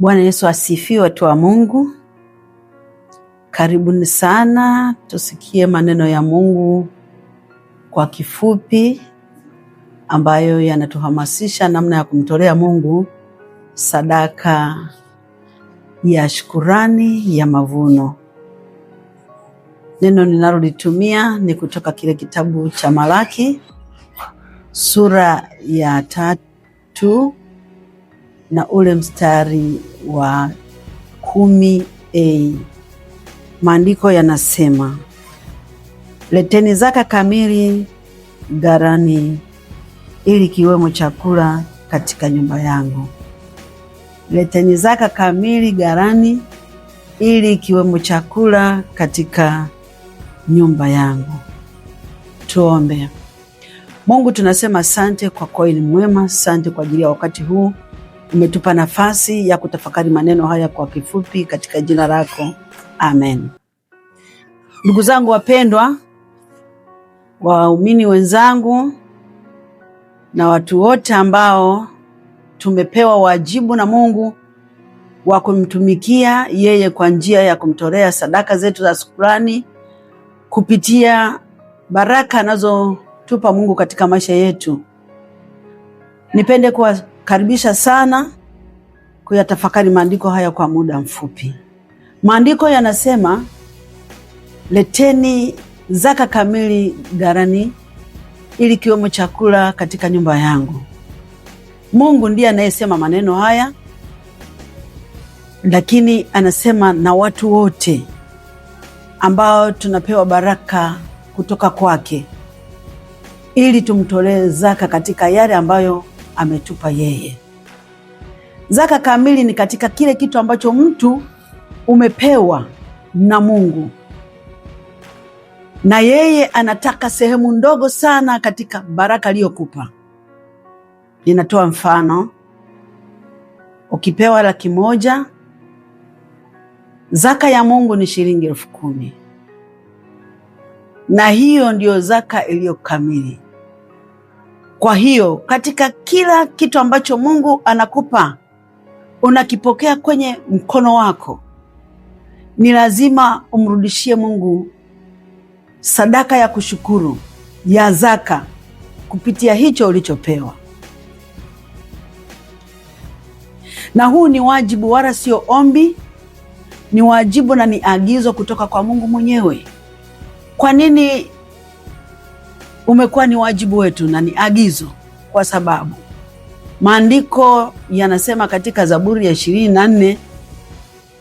Bwana Yesu asifiwe, watu wa Mungu, karibuni sana tusikie maneno ya Mungu kwa kifupi, ambayo yanatuhamasisha namna ya kumtolea Mungu sadaka ya shukurani ya mavuno. Neno ninalolitumia ni kutoka kile kitabu cha Malaki sura ya tatu na ule mstari wa kumi a maandiko yanasema, leteni zaka kamili garani ili kiwemo chakula katika nyumba yangu. Leteni zaka kamili garani ili kiwemo chakula katika nyumba yangu. Tuombe. Mungu, tunasema sante kwa kuwa ni mwema, sante kwa ajili ya wakati huu Umetupa nafasi ya kutafakari maneno haya kwa kifupi katika jina lako amen. Ndugu zangu wapendwa, waumini wenzangu na watu wote ambao tumepewa wajibu na Mungu wa kumtumikia yeye kwa njia ya kumtolea sadaka zetu za shukrani kupitia baraka anazotupa Mungu katika maisha yetu. Nipende kuwa Nakukaribisha sana kuyatafakari maandiko haya kwa muda mfupi. Maandiko yanasema leteni zaka kamili garani ili kiwemo chakula katika nyumba yangu. Mungu ndiye anayesema maneno haya, lakini anasema na watu wote ambao tunapewa baraka kutoka kwake, ili tumtolee zaka katika yale ambayo ametupa yeye. Zaka kamili ni katika kile kitu ambacho mtu umepewa na Mungu, na yeye anataka sehemu ndogo sana katika baraka aliyokupa. Ninatoa mfano, ukipewa laki moja, zaka ya Mungu ni shilingi elfu kumi na hiyo ndiyo zaka iliyo kamili. Kwa hiyo katika kila kitu ambacho Mungu anakupa unakipokea kwenye mkono wako, ni lazima umrudishie Mungu sadaka ya kushukuru ya zaka kupitia hicho ulichopewa, na huu ni wajibu, wala sio ombi. Ni wajibu na ni agizo kutoka kwa Mungu mwenyewe. Kwa nini umekuwa ni wajibu wetu na ni agizo, kwa sababu maandiko yanasema katika Zaburi ya ishirini na nne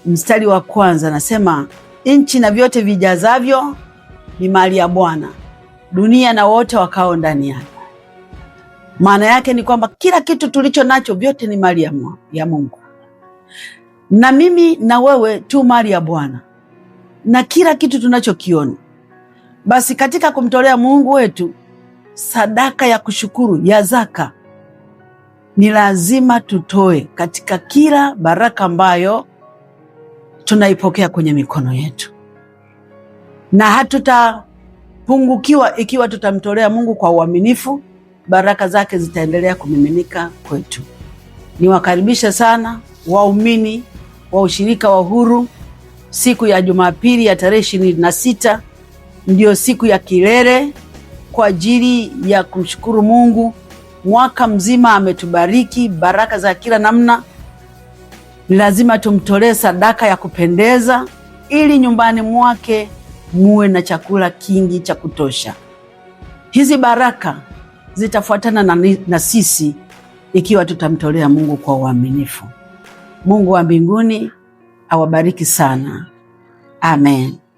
mstari wa kwanza anasema, nchi na vyote vijazavyo ni mali ya Bwana, dunia na wote wakao ndani yake. Maana yake ni kwamba kila kitu tulicho nacho vyote ni mali ya Mungu, na mimi na wewe tu mali ya Bwana na kila kitu tunachokiona basi katika kumtolea Mungu wetu sadaka ya kushukuru ya zaka ni lazima tutoe katika kila baraka ambayo tunaipokea kwenye mikono yetu, na hatutapungukiwa ikiwa tutamtolea Mungu kwa uaminifu. Baraka zake zitaendelea kumiminika kwetu. Niwakaribisha sana waumini wa ushirika wa Uhuru siku ya Jumapili ya tarehe ishirini na sita ndiyo siku ya kilele kwa ajili ya kumshukuru Mungu. Mwaka mzima ametubariki baraka za kila namna. Lazima tumtolee sadaka ya kupendeza ili nyumbani mwake muwe na chakula kingi cha kutosha. Hizi baraka zitafuatana na, na sisi ikiwa tutamtolea Mungu kwa uaminifu. Mungu wa mbinguni awabariki sana. Amen.